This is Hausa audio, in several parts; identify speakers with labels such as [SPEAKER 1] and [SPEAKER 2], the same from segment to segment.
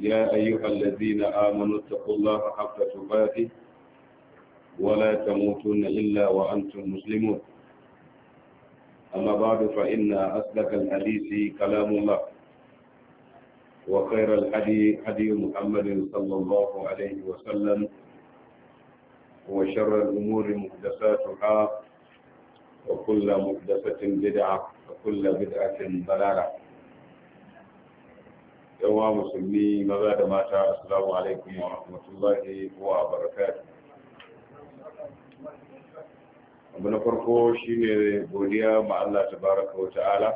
[SPEAKER 1] يا أيها الذين آمنوا اتقوا الله حق تقاته ولا تموتن إلا وأنتم مسلمون أما بعد فإن أصدق الحديث كلام الله وخير الحدي حدي محمد صلى الله عليه وسلم وشر الأمور محدثاتها وكل محدثة بدعة وكل بدعة ضلالة yawa musulmi maza da mata assalamu alaikum wa rahmatullahi wa barakatuh
[SPEAKER 2] abu na farko shine godiya
[SPEAKER 1] ma Allah tabaraka wa ta'ala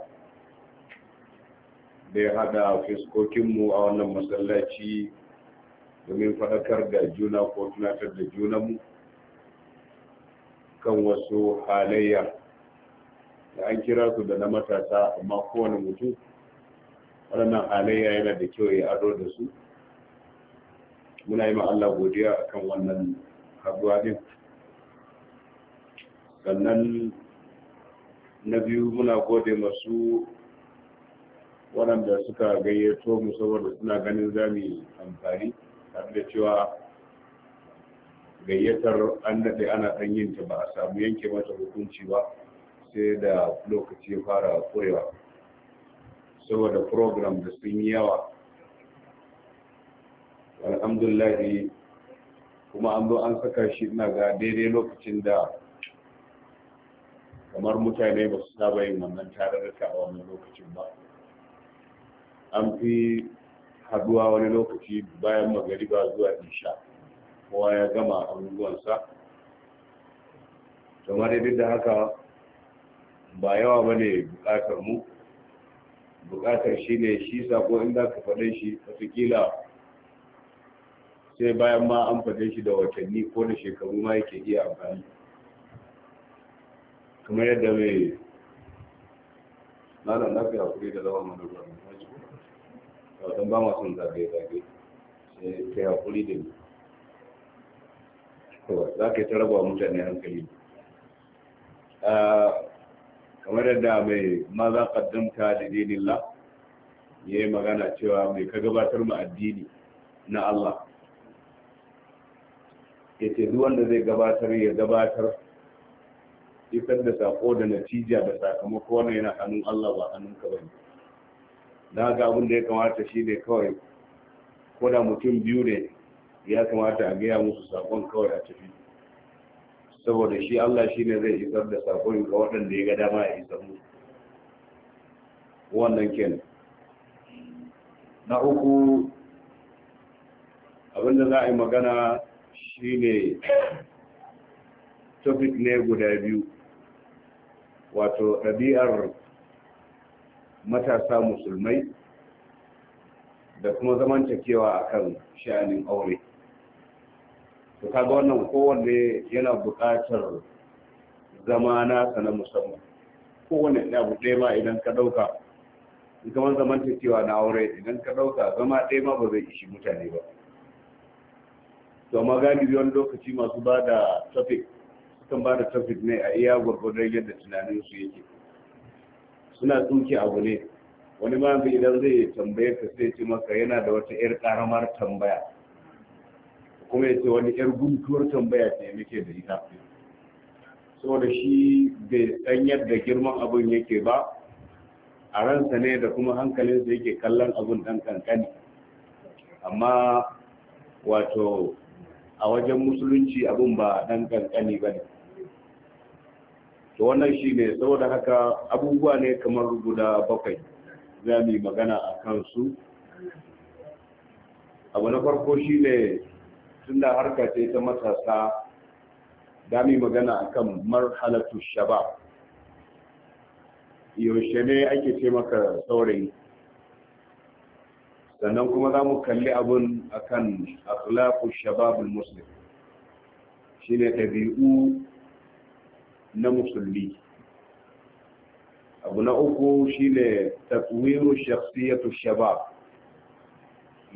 [SPEAKER 1] da ya hada fiskokinmu a wannan masallaci domin faɗakar da juna ko tunatar da junanmu kan wasu halayya da an kira su da na matasa amma kowane mutum waɗannan Alayya yana da kyau ya ado da su muna yi Allah godiya a kan wannan haɗuwa ɗin sannan na biyu muna gode masu waɗanda suka gayyato mu saboda suna ganin zami amfani tare da cewa gayyatar an daɗe ana ɗan yin ta ba a samu yanke mata hukunci ba sai da lokaci fara koyawa saboda program da sun yi yawa alhamdulahi kuma an zo an saka shi ina ga daidai lokacin da kamar mutane ba su saba yin wannan tararraka a wani lokacin ba an fi haduwa wani lokaci bayan magariba zuwa isha kowa ya gama abubuwansa kamar yadda haka ba yawa ba bukatar mu bukatar shi ne shi sako in za ka faɗe shi watakila sai bayan ma an faɗe shi da watanni ko da shekaru ma yake iya amfani kamar yadda mai malam fi haƙuri da zama mana ruwa mai don ba ma son zagaye-zagaye sai ka haƙuri hakuri da ni za ka yi ta raba mutane hankali ah, kamar yadda mai maza kaddamta da la ya yi magana cewa mai ka gabatar mu addini na Allah ya ce wanda zai gabatar ya gabatar isar da sako da natija da sakamako wannan yana hannun Allah ba hannun ka bane da ga abin da ya kamata shi ne kawai ko da mutum biyu ne ya kamata a gaya musu sakon kawai a tafi saboda shi Allah shi ne zai isar da sakon ga waɗanda ya ga dama ya isar mu wannan ken na uku abinda za a yi magana shi ne topic ne guda biyu wato ɗabi'ar matasa musulmai da kuma zamantakewa akan sha'anin aure to kaga wannan kowanne yana buƙatar zama nasa na musamman kowanne abu ɗaya ma idan ka ɗauka in kamar zaman cewa na aure idan ka ɗauka zama ɗaya ma ba zai ishi mutane ba to amma galibi wani lokaci masu ba da traffic sukan ba da traffic ne a iya gwargwadon yadda tunanin su yake suna tsuke abu ne wani ma idan zai tambaye ka sai ce maka yana da wata 'yar karamar tambaya kuma ya ce wani yar guntuwar tambaya ce muke da ita saboda shi bai san yadda girman abin yake ba a ransa ne da kuma hankalinsa yake kallon abin dan kankani amma wato a wajen musulunci abin ba dan kankani ba ne to wannan shi ne saboda haka abubuwa ne kamar guda bakwai za mu yi magana a kansu abu na farko shi ne tunda harka ce ta matasa dami magana akan marhalatu shabab yaushe ne ake ce maka saurayi sannan kuma za mu kalli abun akan akhlaqu shababul muslim shine ɗabi'u na musulmi abu na uku shine tatwiru shakhsiyatu shabab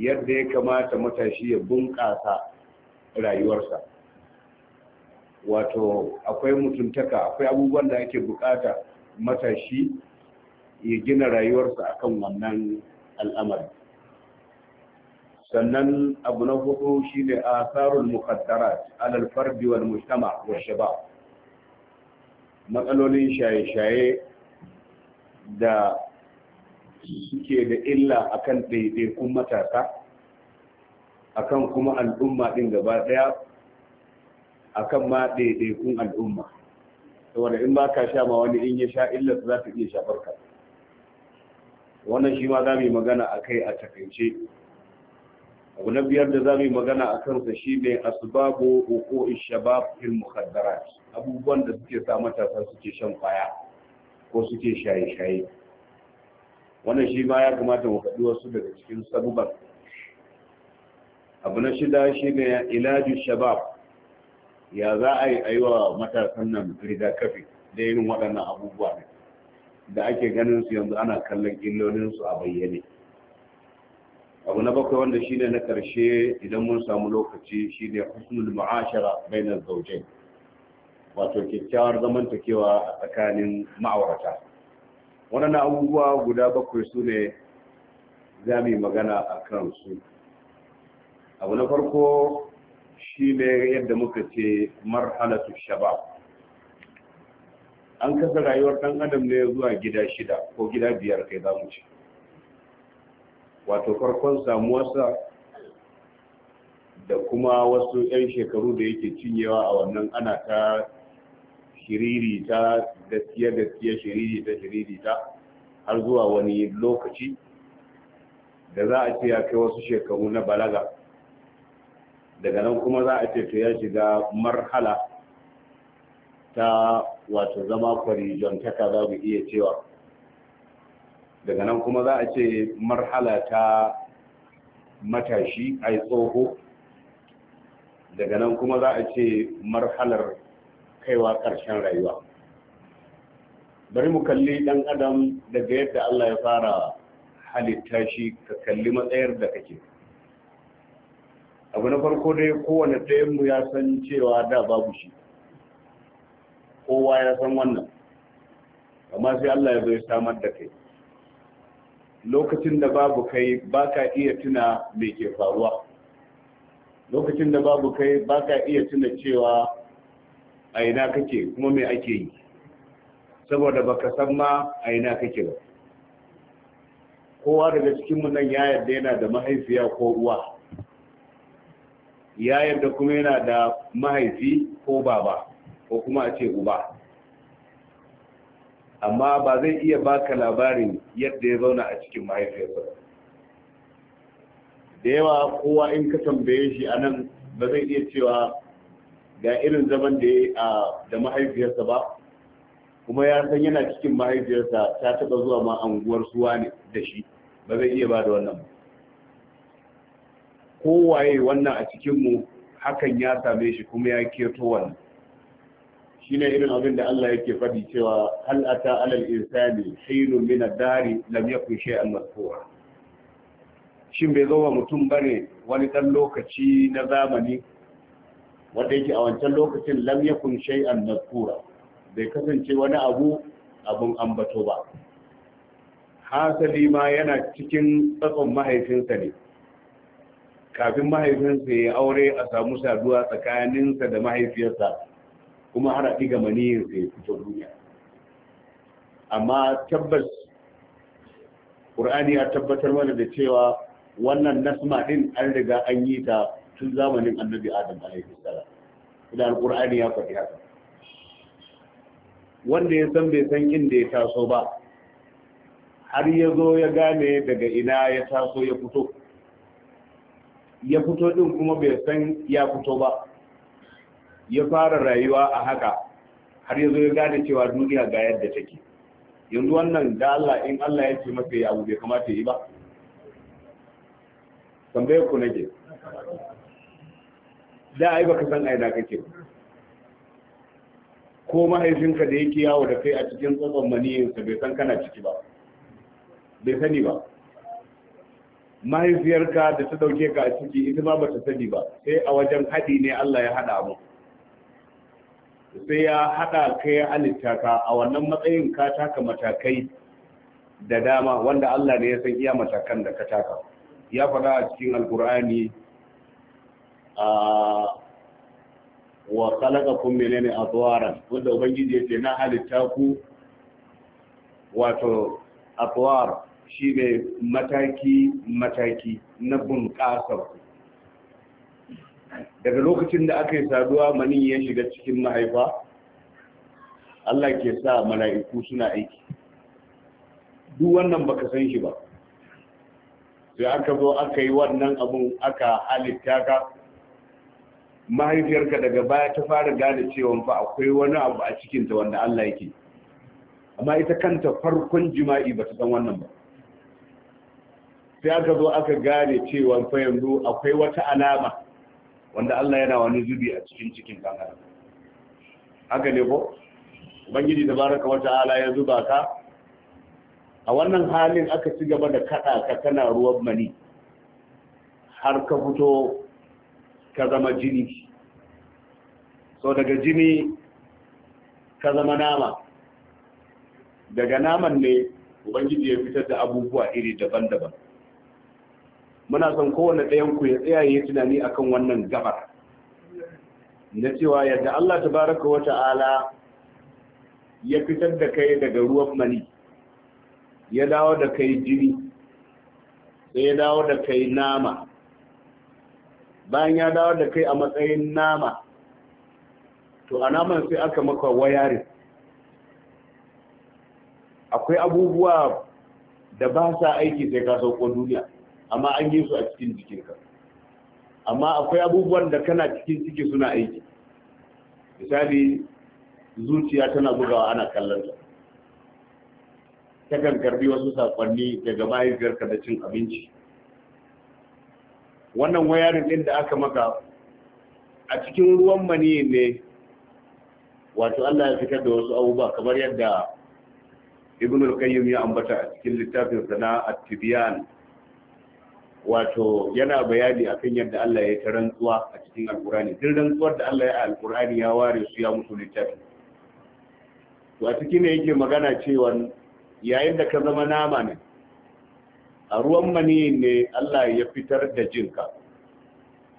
[SPEAKER 1] yadda ya kamata matashi ya bunƙasa rayuwarsa wato akwai mutuntaka akwai abubuwan da ake bukata matashi ya gina rayuwarsa akan wannan al'amari sannan abu na hudu shine asarul muqaddarat alal fardi wal mujtama wa shabab matsalolin shaye-shaye da suke da illa akan ɗaiɗaikun matasa akan kuma al'umma din gaba daya akan ma daidaikun al'umma saboda in ba ka sha ma wani in ya sha illar za ta iya shafar ka wannan shi ma za mu yi magana a kai a takaice abu na biyar da za mu yi magana a kansa shi ne asbabu uku Shabab fil mukhaddarat abubuwan da suke sa matasa suke shan kwaya ko suke shaye-shaye wannan shi ma ya kamata mu faɗi wasu daga cikin sabuban abu na shida shi ne ilajin shabab ya za a yi aiwa matasan nan rigakafi da yin waɗannan abubuwa da ake ganin su yanzu ana kallon illolinsu a bayyane abu na bakwai wanda shi ne na ƙarshe idan mun samu lokaci shi ne husnul bai na zawjain wato kyakkyawar zamantakewa a tsakanin ma'aurata waɗannan abubuwa guda bakwai su ne za mu yi magana a kansu abu na farko shi ne yadda muka ce marhalatu shabab an kasa rayuwar ɗan adam ne zuwa gida shida ko gida biyar kai za mu ce wato farkon samuwarsa da kuma wasu 'yan shekaru da yake cinyewa a wannan ana ta shiriri ta gaskiya gaskiya shiriri ta shiriri ta har zuwa wani lokaci da za a ce ya kai wasu shekaru na balaga daga nan kuma za a ce to ya shiga marhala ta wato zama kwarijontaka za mu iya cewa daga nan kuma za a ce marhala ta matashi ai tsoho daga nan kuma za a ce marhalar kaiwa ƙarshen rayuwa bari mu kalli ɗan adam daga yadda Allah ya fara halitta shi ka kalli matsayar da kake abu na farko dai kowane ɗayanmu ya san cewa da babu shi kowa ya san wannan amma sai Allah ya zo ya samar da kai lokacin da babu kai ba ka iya tuna me ke faruwa lokacin da babu kai ba ka iya tuna cewa a ina kake kuma mai ake yi saboda baka san ma a ina kake ba kowa daga cikinmu nan ya yarda yana da mahaifiya ko uwa ya yadda kuma yana da mahaifi ko baba ko kuma a ce uba amma ba zai iya baka labarin yadda ya zauna a cikin mahaifiyarsa da yawa kowa in ka tambaye shi a nan ba zai iya cewa ga irin zaman da ya da mahaifiyarsa ba kuma ya san yana cikin mahaifiyarsa ta taɓa zuwa ma suwa ne da shi ba zai iya ba da wannan ba kowaye wannan a cikinmu hakan ya same shi kuma ya keto wannan shi ne irin abin da Allah yake faɗi cewa hal ata alal insani hinu min ad-dari lam yakun shay'an mazkura shin bai zo wa mutum bane wani dan lokaci na zamani wanda yake a wancan lokacin lam yakun shay'an mazkura bai kasance wani abu abun ambato ba hasali ma yana cikin tsatson mahaifinsa ne kafin mahaifinsa ya aure a samu saduwa tsakaninsa da mahaifiyarsa kuma har a ɗiga maniyarsa ya fito duniya amma tabbas ƙur'ani ya tabbatar mana da cewa wannan nasma ɗin an riga an yi ta tun zamanin annabi adam alaihi tsara. idan al'ur'ani ya faɗi haka wanda ya san bai san inda ya taso ba har ya zo ya gane daga ina ya taso ya fito ya fito din kuma bai san ya fito ba ya fara rayuwa a haka har ya zo ya gane cewa duniya ga yadda take yanzu wannan da Allah in Allah ya ce masa ya abu bai kamata yi ba tambayar ku nake da ai baka san aina kake ko mahaifinka da yake yawo da kai a cikin tsatson maniyinsa bai san kana ciki ba bai sani ba mahaifiyarka da ta dauke ka a ciki ita ba bata sani ba sai a wajen haɗi ne Allah ya haɗa mu sai ya haɗa kai ya halitta ka a wannan matsayin ka taka matakai da dama wanda Allah ne ya san iya matakan da ka taka ya faɗa a cikin alkur'ani a wa khalaqakum menene atwaran wanda ubangiji ya ce na halitta ku wato a atwar Shi ne mataki mataki na bunƙasa daga lokacin da aka yi saduwa mani ya shiga cikin mahaifa Allah ke sa mala'iku suna aiki duk wannan baka san shi ba sai aka zo aka yi wannan abun aka halitta ka mahaifiyarka daga baya ta fara gane cewa fa akwai wani abu a cikinta wanda Allah yake amma ita kanta farkon jima'i ba ta san wannan ba sai aka zo aka gane cewa fa yanzu akwai wata alama wanda Allah yana wani zubi a cikin cikin dan adam haka ne ko ubangiji baraka wata ala ya zuba ka a wannan halin aka ci gaba da kada ka kana ruwan mani har ka fito ka zama jini so daga jini ka zama nama daga naman ne ubangiji ya fitar da abubuwa iri daban-daban muna son kowane ɗayan ku ya tsaya yi tunani akan wannan gabar na cewa yadda Allah ta wa ta'ala ya fitar da kai daga ruwan mani ya dawo da kai jini sai ya dawo da kai nama bayan ya dawo da kai a matsayin nama to a naman sai aka maka wayarin akwai abubuwa da ba sa aiki sai ka sauko duniya amma an yi su a cikin jikinka amma akwai abubuwan da kana cikin ciki suna aiki misali zuciya tana bugawa ana kallon ta takan karbi wasu sakonni daga mahaifiyarka da cin abinci wannan wayarin din da aka maka a cikin ruwan mani ne wato Allah ya fitar da wasu abubuwa kamar yadda ibn al-qayyim ya ambata a cikin littafin sana at-tibyan wato yana bayani akan yadda Allah ya ta rantsuwa a cikin alkurani duk rantsuwar da Allah ya alkurani ya ware su ya musu littafi to a cikin yake magana cewa yayin da ka zama nama ne a ruwan mani ne Allah ya fitar da jinka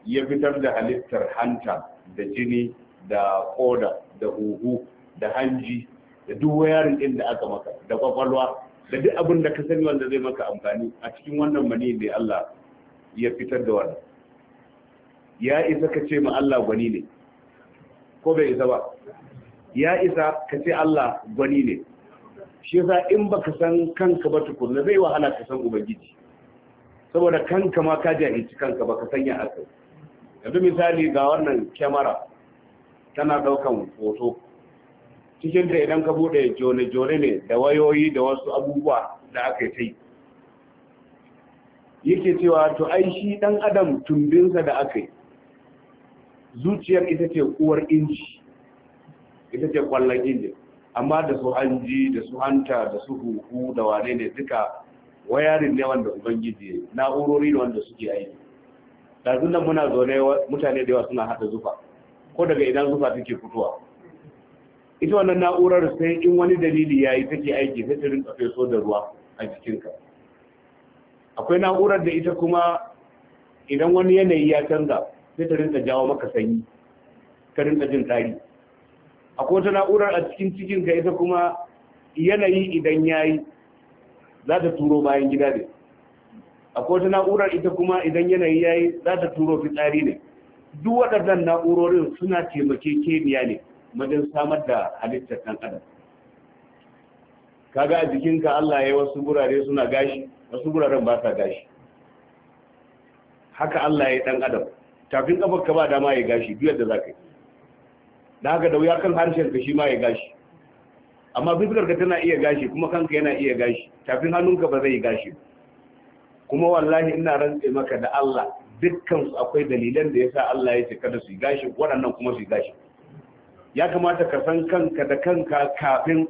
[SPEAKER 1] ya fitar da halittar hanta da jini da koda da huhu da hanji da duk wayarin din da aka maka da kwakwalwa da duk abin da ka sani wanda zai maka amfani a cikin wannan mani ne Allah ya fitar da wannan ya isa ka ce ma Allah gwani ne ko bai isa ba ya isa ka ce Allah gwani ne shi yasa in baka san kanka ba tukunna zai wahala ka san ubangiji saboda kanka ma ka jahilci kanka baka san ya aka yanzu misali ga wannan kyamara tana daukan hoto cikin da idan ka bude jone-jone ne da wayoyi da wasu abubuwa da aka yi yake cewa to ai shi dan adam tumbinsa da aka yi zuciyar ita ce uwar inji ita ce kwallon inji amma da su hanji da su hanta da su huhu da wane ne duka wayarin ne wanda ubangiji na'urori ne wanda suke aiki da nan muna zaune mutane da yawa suna haɗa zufa ko daga idan zufa take fitowa ita wannan na'urar sai in wani dalili ya yi take aiki sai ta rinka feso da ruwa a jikinka akwai na'urar da ita kuma idan wani yanayi ya canza sai ta rinka jawo maka sanyi ta rinka jin tari akwai wata na'urar a cikin cikinka ita kuma yanayi idan ya yi za ta turo bayan gida ne akwai wata na'urar ita kuma idan yanayi ya yi za ta turo fitsari ne duk waɗannan na'urorin suna taimakekeniya ne wajen samar da halittar ɗan adam kaga a jikinka Allah ya wasu gurare suna gashi wasu guraren ba sa gashi haka Allah ya ɗan adam tafin kafar ka ba dama ya gashi biyar da ka yi da haka da wuya kan harshen ka shi ma ya gashi amma bibiyar ka tana iya gashi kuma kanka yana iya gashi tafin hannunka ba zai gashi kuma wallahi ina rantse maka da Allah dukkan su akwai dalilan da yasa Allah ya ce kada su gashi waɗannan kuma su gashi ya kamata ka san kanka da kanka kafin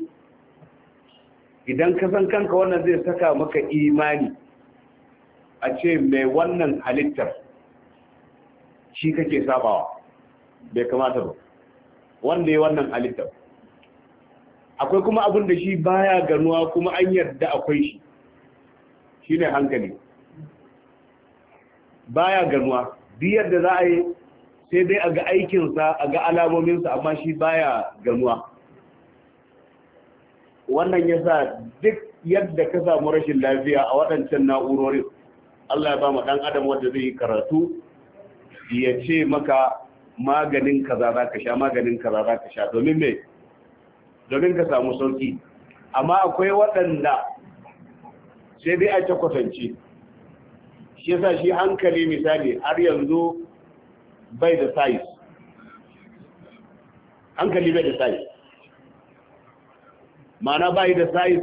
[SPEAKER 1] idan ka san kanka wannan zai saka maka imani a ce mai wannan halittar shi kake sabawa bai kamata ba wanda ya wannan halittar akwai kuma abin da shi baya ganuwa kuma an yarda akwai shi shi ne hankali baya ganuwa duk yadda za a yi sai dai a ga aikinsa a ga alamominsa amma shi baya ganuwa wannan ya sa duk yadda ka samu rashin lafiya a waɗancan na'urorin Allah ya ba mu ɗan adam wanda zai yi karatu ya ce maka maganin ka za ka sha maganin ka za ka sha domin mai domin ka samu sauki amma akwai waɗanda sai dai a ta kwatance shi yasa shi hankali misali har yanzu bai da size hankali bai da size mana bai da size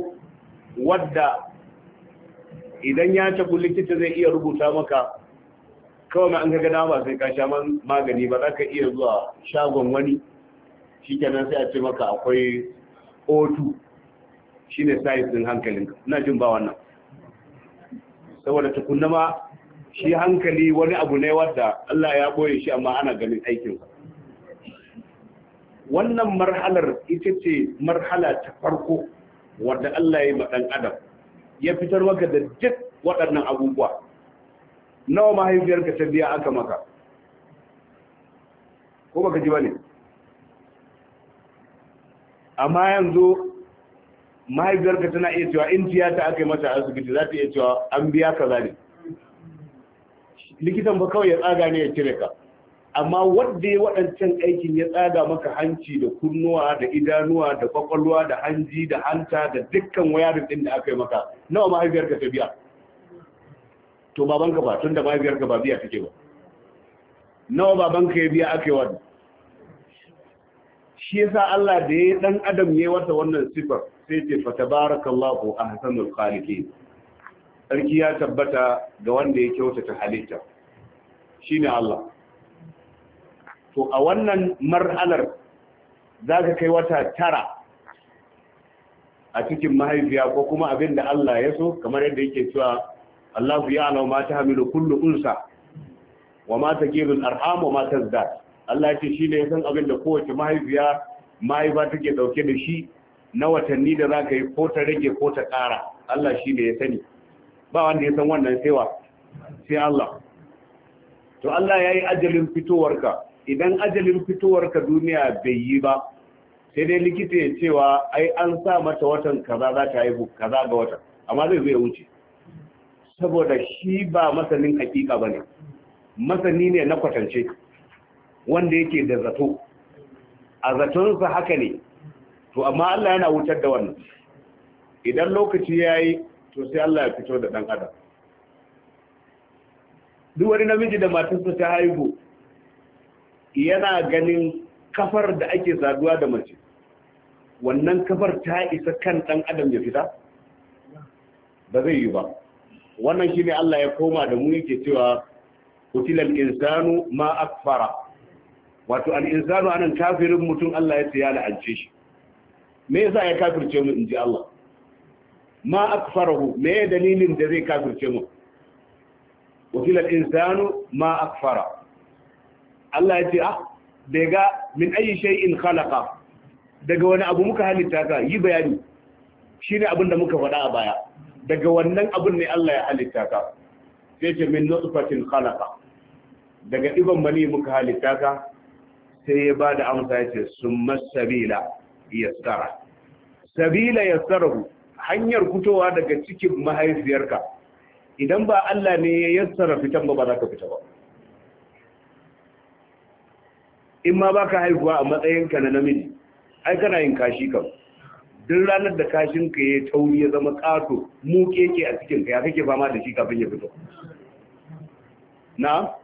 [SPEAKER 1] wadda idan ya tabu likita zai iya rubuta maka kawai an kaga dama sai ka sha magani ba za ka iya zuwa shagon wani shikenan sai a ce maka akwai o2 shine size din hankalinka ina jin ba wannan saboda tukunna ma shi hankali wani abu ne wadda Allah ya boye shi amma ana ganin aikinsa wannan marhalar ita ce marhala ta farko wadda Allah ya maɗan adam ya fitar maka da duk waɗannan abubuwa nawa mahaifiyarka ta biya aka maka ko baka ji ba ne amma yanzu mahaifiyarka tana iya cewa in tiyata aka yi mata asibiti za ta iya cewa an biya kaza ne likitan ba kawai ya tsaga ne ya cire ka amma wadda ya waɗancan aikin ya tsaga maka hanci da kunnuwa da idanuwa da kwakwalwa da hanji da hanta da dukkan wayarin ɗin da aka yi maka nawa mahaifiyarka ta biya to baban ka ba tun da mahaifiyarka ba biya take ba nawa babanka ya biya aka yi wani shi yasa Allah da ya dan adam ya wata wannan sifar sai ce fa tabarakallahu ahsanul khaliqin sarki ya tabbata ga wanda ya kyautata halitta shi ne Allah to a wannan marhalar za ka kai wata tara a cikin mahaifiya ko kuma abin da Allah ya so kamar yadda yake cewa Allah ya alau ma ta hamilu kullu unsa wa ma ta gebin arham wa ma ta zda Allah ce shi ne ya san abin da kowace mahaifiya mahaifa take dauke da shi na watanni da za ka yi ko ta rage ko ta ƙara Allah shi ne ya sani ba wanda ya san wannan cewa, sai Allah to Allah ya yi ajalin fitowarka idan ajalin fitowarka duniya bai yi ba sai dai likita ya cewa ai an sa mata watan kaza za ta haihu kaza ga watan amma zai zo ya wuce saboda shi ba masanin hakika bane masani ne na kwatance wanda yake da zato a zatonsa haka ne to amma Allah yana wutar da wannan idan lokaci ya yi to sai Allah ya fito da dan adam duk wani namiji da matarsa ta haihu yana ganin kafar da ake saduwa da mace wannan kafar ta isa kan dan adam ya fita ba zai yi ba wannan shine Allah ya koma da mu yake cewa kutilal insanu ma akfara wato al insanu anan kafirin mutum Allah ya tsaya la'ance shi me yasa ya kafirce mu in ji Allah ma akfarahu me dalilin da zai kafirce mu wakilar insanu ma akfara Allah ya ce ah bai ga min ayi shay'in khalaqa daga wani abu muka halitta ka yi bayani shine abin da muka faɗa a baya daga wannan abin ne Allah ya halitta ka sai ce min nutfatin khalaqa daga diban mani muka halitta ka sai ya bada amsa ya ce summa sabila yassara sabila yassarahu hanyar fitowa daga cikin mahaifiyarka idan ba Allah ne ya yassara fitan ba ba za ka fita ba in ma ba ka haihuwa a matsayinka na namiji ai kana yin kashi kan duk ranar da kashinka ya tauri ya zama ƙato mu keke a cikinka ya kake fama da shi kafin ya fito na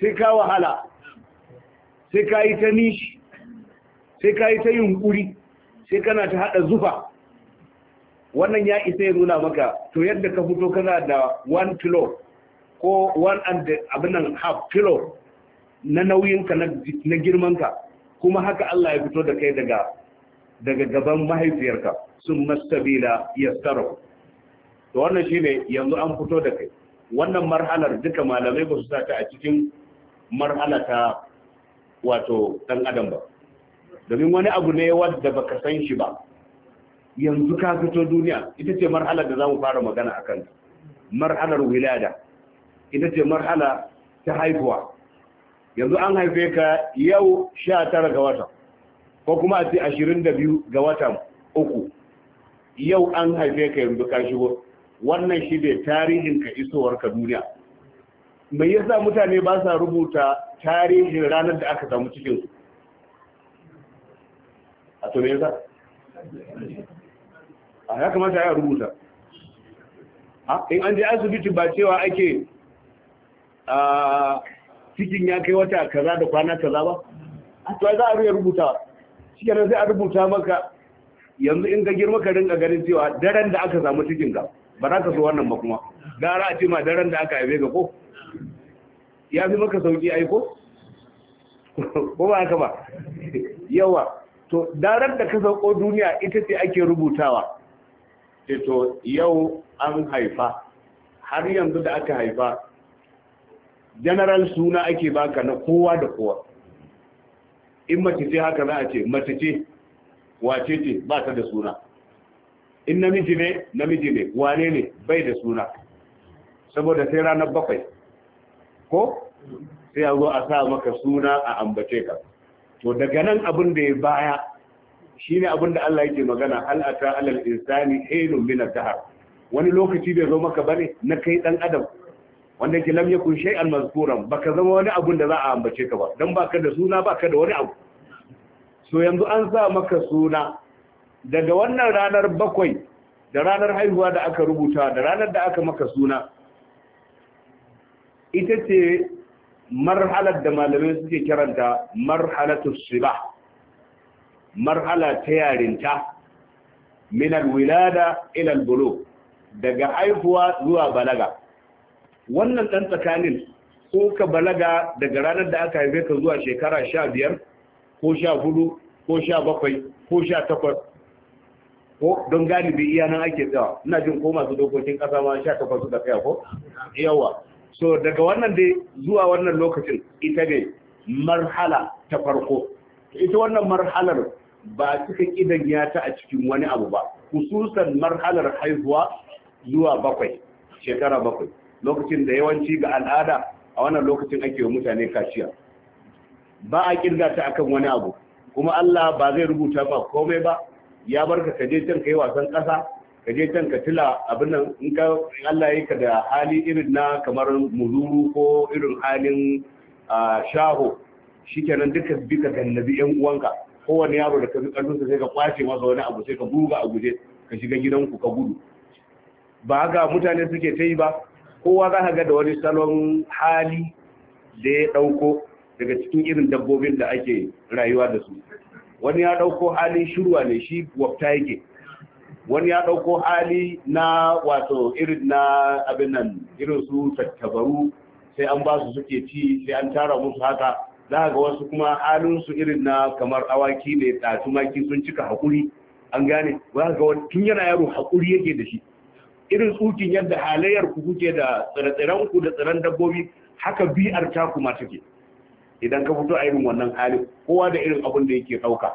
[SPEAKER 1] sai ka wahala sai ka yi ta nishi sai ka yi ta yunkuri sai kana ta hada zufa wannan ya isa ya nuna maka to yadda ka fito kana da one kilo ko one and abin nan half kilo na nauyinka na girmanka kuma haka Allah ya fito da kai daga daga gaban mahaifiyarka sun mastabila ya tsaro to wannan shi ne yanzu an fito da kai wannan marhalar duka malamai ba su sa ta a cikin marhala ta wato ɗan adam ba domin wani abu ne wadda baka san shi ba yanzu ka fito duniya ita ce marhalar da za mu fara magana a kan marhalar wilada ita ce marhala ta haifuwa yanzu an haife ka yau sha tara ga wata ko kuma a ce ashirin da biyu ga watan uku yau an haife ka yanzu ka shigo wannan shi ne tarihin ka isowar ka duniya mai yasa mutane ba sa rubuta tarihin ranar da aka samu cikinsu a to me yasa a ya kamata ya rubuta in an je asibiti ba cewa ake a cikin ya kai wata kaza da kwana kaza ba a to za a iya rubuta Cikin sai a rubuta maka yanzu in ka girma ka rinka ganin cewa daren da aka samu cikin ga ba za ka so wannan ba kuma gara a ce ma daren da aka haife ga ko ya fi maka sauki ai ko ko ba haka ba yawa to darar da ka sauko duniya ita ce ake rubutawa ce to yau an haifa har yanzu da aka haifa general suna ake baka na kowa da kowa in mace ce haka za a ce mace ce wace ce ba ta da suna in namiji ne namiji ne wane ne bai da suna saboda sai ranar bakwai ko sai a zo a sa maka suna a ambace ka to daga nan abin da ya baya shi ne abin da Allah yake magana al'ata ata alal insani hilun min ad wani lokaci bai zo maka bane na kai ɗan adam wanda ke lam yakun shay'an mazkuran baka zama wani abun da za a ambace ka ba dan baka da suna baka da wani abu so yanzu an sa maka suna daga wannan ranar bakwai da ranar haihuwa da aka rubuta da ranar da aka maka suna ita ce marhalar da malamai suke kiranta marhalatu siba marhala ta yarinta min alwilada ila albulu daga haihuwa zuwa balaga wannan dan tsakanin ko ka balaga daga ranar da aka haife ka zuwa shekara sha biyar ko sha hudu ko sha bakwai ko sha takwas ko don galibi iya nan ake tsawa ina jin ko masu dokokin kasa ma sha takwas suka kai ko yawa so daga wannan dai zuwa wannan lokacin ita ne marhala ta farko ita wannan marhalar ba cika idan ya ta a cikin wani abu ba hususan marhalar haihuwa zuwa bakwai shekara bakwai lokacin da yawanci ga al'ada a wannan lokacin ake wa mutane kaciya ba a kirga ta akan wani abu kuma Allah ba zai rubuta ba komai ba ya barka ka je can kai wasan ƙasa. ka je can ka tila abin nan in ka Allah yi ka da hali irin na kamar muzuru ko irin halin shaho shikenan duka bi ka gannabi yan uwanka kowane yaro da ka bi karfinsa sai ka kwace masa wani abu sai ka buga a guje ka shiga gidanku ka gudu ba haka mutane suke ta yi ba kowa za ka ga da wani salon hali da ya ɗauko daga cikin irin dabbobin da ake rayuwa da su wani ya ɗauko halin shirwa ne shi wafta yake wani ya ɗauko hali na wato irin na abin nan irin su tattabaru sai an ba su suke ci sai an tara musu haka za ga wasu kuma halin su irin na kamar awaki ne da tumaki sun cika haƙuri an gane za ga wani tun yana yaro haƙuri yake da shi irin tsukin yadda halayyar ku kuke da tsire-tsiren ku da tsiren dabbobi haka biyar ta kuma take idan ka fito a irin wannan hali kowa da irin abin da yake ɗauka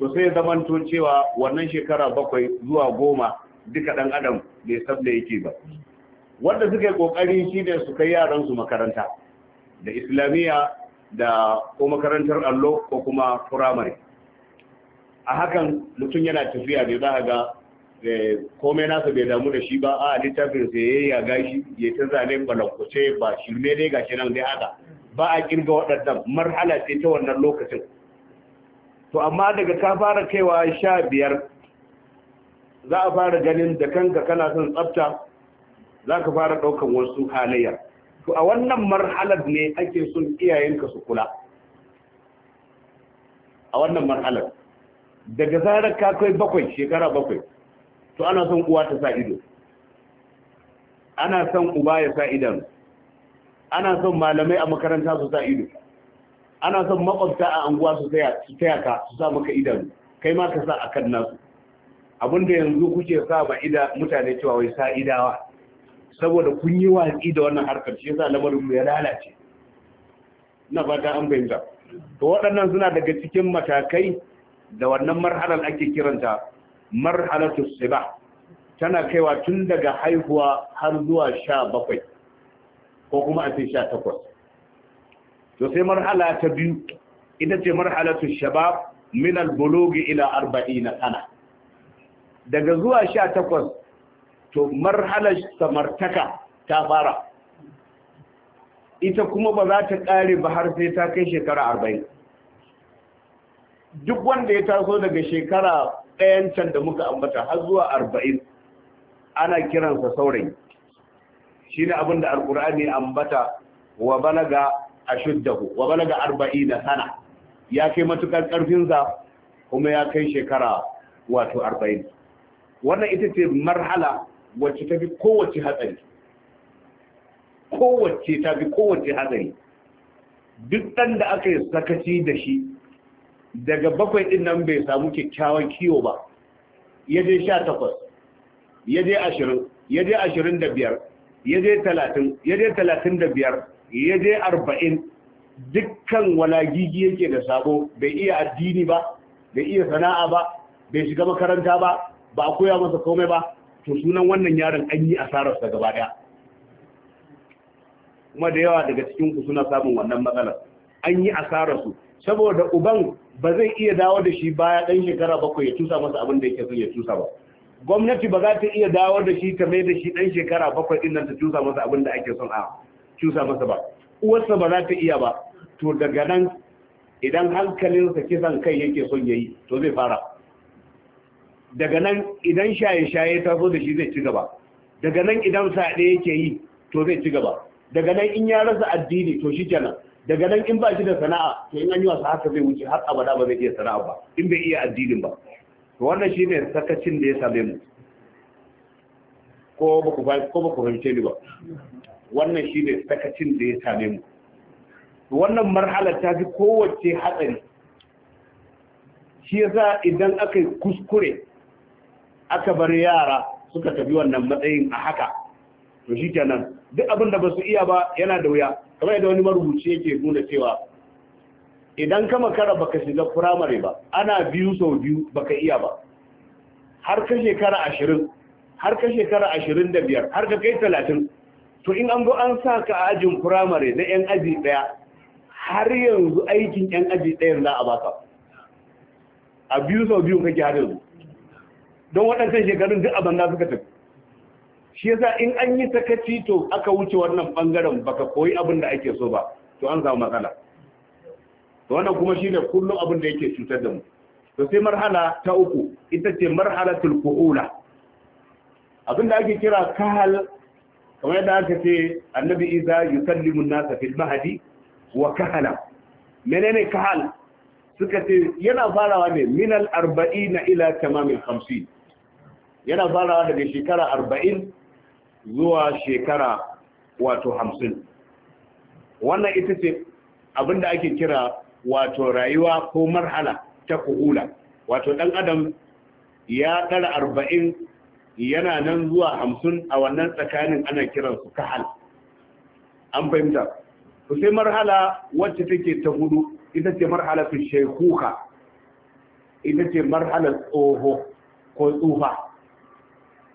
[SPEAKER 1] to sai zamanto cewa wannan shekara bakwai zuwa goma duka ɗan adam bai san yake ba wanda suka yi ƙoƙari shi ne su kai yaran su makaranta da islamiyya da ko makarantar allo ko kuma firamare a hakan mutum yana tafiya ne za a ga eh, komai nasa bai damu da shi ba a littafin sai ya yaga shi ya ta zane balankuce ba shirme ne gashi nan dai haka ba a kirga waɗannan marhala ce ta wannan lokacin to amma daga ka fara kaiwa sha biyar za a fara ganin da kanka kana son tsafta za ka fara ɗaukan wasu halayyar to a wannan marhalar ne ake son iyayenka su kula a wannan marhalar daga zarar ka kai bakwai shekara bakwai to ana son uwa ta sa ido ana son uba ya sa idan, ana son malamai a makaranta su sa ido ana son makwabta a anguwa su taya ka su sa maka idanu kai ma ka sa a kan nasu abinda yanzu kuke sa ba ida mutane cewa wai sa idawa saboda kun yi watsi da wannan harkar shi yasa lamarin mu ya lalace Ina fata an bayyana to waɗannan suna daga cikin matakai da wannan marhalar ake kiranta marhalatu siba tana kaiwa tun daga haihuwa har zuwa sha bakwai ko kuma a sha takwas to sai marhala ta biyu ita ce marhalatu shabab min al ila 40 sana daga zuwa 18 to marhalar samartaka ta fara ita kuma ba za ta kare ba har sai ta kai shekara 40 duk wanda ya taso daga shekara ɗayan can da muka ambata har zuwa 40 ana kiransa saurayi shi ne abinda alkur'ani ambata wa balaga ashuddahu wa balaga da sana ya kai matukar karfin sa kuma ya kai shekara wato 40 wannan ita ce marhala wacce tafi kowace hatsari kowace tafi kowace hatsari duk dan da aka yi sakaci da shi daga bakwai din nan bai samu kyakkyawan kiwo ba ya je 18 ya je 20 ya je 25 ya je 30 ya je biyar. ya je arba'in dukkan walagigi yake da sabo bai iya addini ba bai iya sana'a ba bai shiga makaranta ba ba a koya masa komai ba to sunan wannan yaron an yi asararsa gaba daya kuma da yawa daga cikin ku suna samun wannan matsalar an yi asararsu saboda uban ba zai iya dawo da shi baya ɗan shekara bakwai ya tusa masa abin da yake son ya tusa ba gwamnati ba za ta iya dawo da shi ta mai da shi ɗan shekara bakwai ɗin nan ta tusa masa abin da ake son a cusa masa ba uwarsa ba za ta iya ba to daga nan idan hankalinsa kisan kai yake son yayi to zai fara daga nan idan shaye-shaye ta zo da shi zai ci gaba daga nan idan saɗe yake yi to zai ci gaba daga nan in ya rasa addini to shi kenan daga nan in ba shi da sana'a to in an yi wasa haka zai wuce har abada ba zai iya sana'a ba in bai iya addinin ba to wannan ne sakacin da ya same mu ko ba ku fahimce ni ba wannan shi ne sakacin da ya same mu wannan marhala ta fi kowace hatsari shi yasa idan aka yi kuskure aka bar yara suka tafi wannan matsayin a haka to shi kenan duk abin da ba su iya ba yana da wuya kamar yadda wani marubuci yake nuna cewa idan ka makara baka shiga firamare ba ana biyu sau biyu baka iya ba har ka shekara ashirin har ka shekara ashirin da biyar har ka kai talatin to in an zo an sa ka a ajin firamare na 'yan aji ɗaya har yanzu aikin 'yan aji daya za a baka a biyu sau biyu kake har yanzu don waɗancan shekarun duk a da suka tafi shi yasa in an yi sakaci to aka wuce wannan bangaren baka koyi abin da ake so ba to an samu matsala to wannan kuma shi ne kullum abin da yake cutar da mu to sai marhala ta uku ita ce marhala tulku'ula abin da ake kira kahal kamar yadda aka ce annabi isa yusallimun nasa fil mahdi wa kahala menene kahal suka ce yana farawa ne minal arba'in ila tamamin hamsin yana farawa daga shekara arba'in zuwa shekara wato hamsin wannan ita ce abinda ake kira wato rayuwa ko marhala ta kuhula wato ɗan adam ya ɗara arba'in yana nan zuwa hamsin a wannan tsakanin ana kiransu kahal an fahimta to sai marhala wacce take ta hudu ita ce marhala su shekuka ita ce marhala tsoho ko tsufa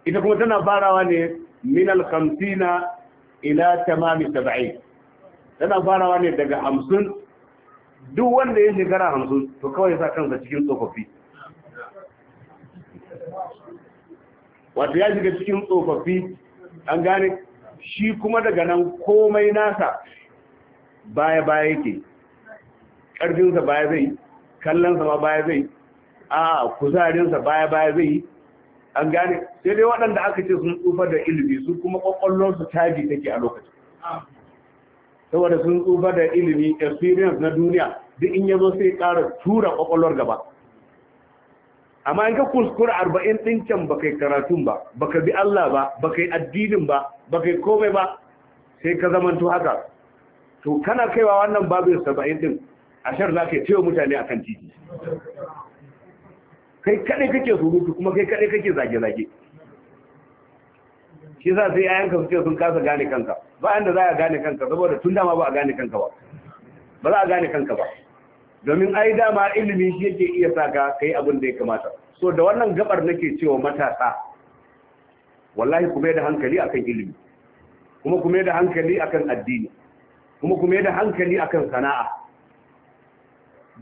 [SPEAKER 1] ita kuma tana farawa ne min al khamsina ila tamami sab'in tana farawa ne daga hamsin duk wanda ya shekara hamsin to kawai sa kansa cikin tsofaffi wato ya shiga cikin tsofaffi an gane shi kuma daga nan komai nasa baya baya yake ƙarfinsa baya zai kallonsa ba baya zai a kuzarinsa baya baya zai an gane sai dai waɗanda aka ce sun tsufa da ilimi su kuma ƙwaƙwallonsu taji take a lokacin saboda sun tsufa da ilimi experience na duniya duk in yazo sai ƙara tura ƙwaƙwallon gaba amma in ka kuskura arba'in ɗin can ba kai karatun ba ba ka bi Allah ba ba kai addinin ba ba kai komai ba sai ka zamanto haka to kana kaiwa wannan babu yin saba'in ɗin shar za ka cewa mutane a kan titi kai kaɗai kake surutu kuma kai kaɗai kake zage-zage shi za sai yayanka ka suke sun kasa gane kanka ba da za a gane kanka saboda tun dama ba a gane kanka ba ba za a gane kanka ba domin ai dama ilimi shi yake iya sa ka kai abin da ya kamata so da wannan gabar nake cewa matasa wallahi kuma da hankali akan ilimi kuma kuma da hankali akan addini kuma kuma da hankali akan sana'a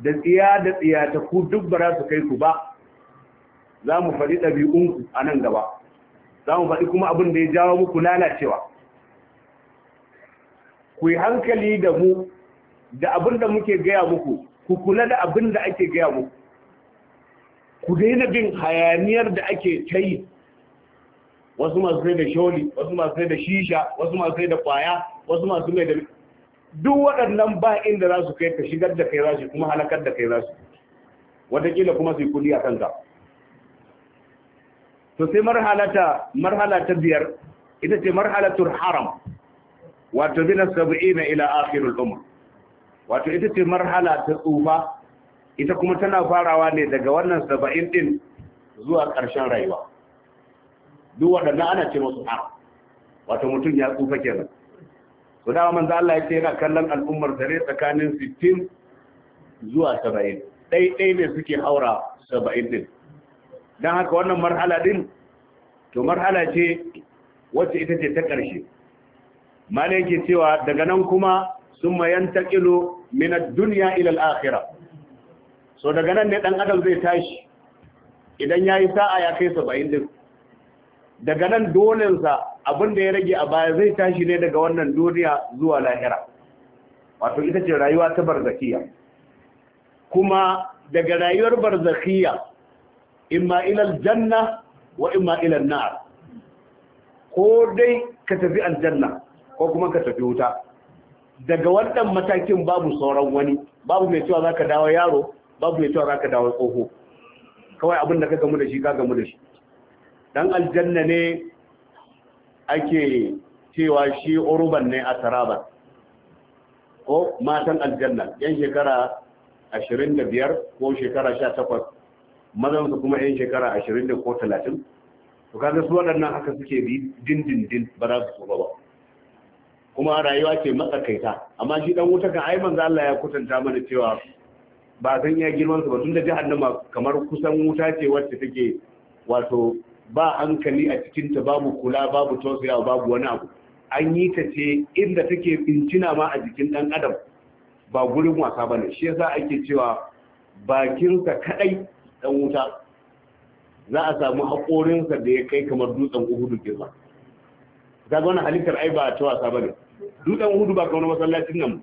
[SPEAKER 1] da tsiya da tsiya ta ku duk ba su kai ku ba za mu faɗi ɗabi'unku a nan gaba za mu faɗi kuma abin da ya jawo muku lalacewa ku yi hankali da mu da abin da muke gaya muku ku kula da abin da ake gaya muku ku daina bin hayaniyar da ake ta yi wasu masu sai da sholi wasu masu sai da shisha wasu masu sai da kwaya wasu masu mai da duk waɗannan ba inda za su kai ka shigar da kai za su kuma halakar da kai za su watakila kuma su yi kudi a kanka to sai marhalata marhala ta biyar ita ce marhalatul haram wato zina sabu'ina ila akhirul umr wato ita ce marhala ta tsufa ita kuma tana farawa ne daga wannan saba'in din zuwa ƙarshen rayuwa duk waɗanda ana ce masu ara, wato mutum ya tsufa kenan su dama manzo Allah ya ce yana kallon al'ummar dare tsakanin 60 zuwa 70 ɗaiɗai ne suke haura 70 din don haka wannan marhala din to marhala ce wacce ita ce ta ƙarshe mana ke cewa daga nan kuma ثم ينتقل من الدنيا الى الاخره al-akhirah daga nan ne dan adam zai tashi idan yayi sa'a ya kai 70 din daga nan dolensa abin da ya rage a baya zai tashi ne daga wannan duniya zuwa lahira wato ita ce rayuwa ta barzakiya kuma daga rayuwar barzakiya imma ilal janna wa imma an na'ar ko dai ka tafi aljanna ko kuma ka tafi wuta daga wannan matakin babu sauran wani babu mai cewa zaka dawo yaro babu mai cewa zaka dawo tsoho kawai abin da ka gamu da shi ka gamu da shi dan aljanna ne ake cewa shi uruban ne a taraba ko matan aljanna yan shekara 25 ko shekara 18 mazan su kuma yan shekara 20 ko 30 to kaga su waɗannan haka suke bi dindindin ba za su tsoba ba kuma rayuwa ce matsakaita amma shi dan wuta kan ai manzo Allah ya kutanta mana cewa ba san ya girman su ba tunda jahannama kamar kusan wuta ce wacce take wato ba hankali a cikin ta babu kula babu tausaya babu wani abu an yi ta ce inda take bincina ma a jikin dan adam ba gurin wasa bane shi yasa ake cewa bakinsa kadai dan wuta za a samu haƙorinsa da ya kai kamar dutsen uhudu girma kaga wannan halittar ai ba ta wasa bane dutsen hudu ba kauna masallacin nan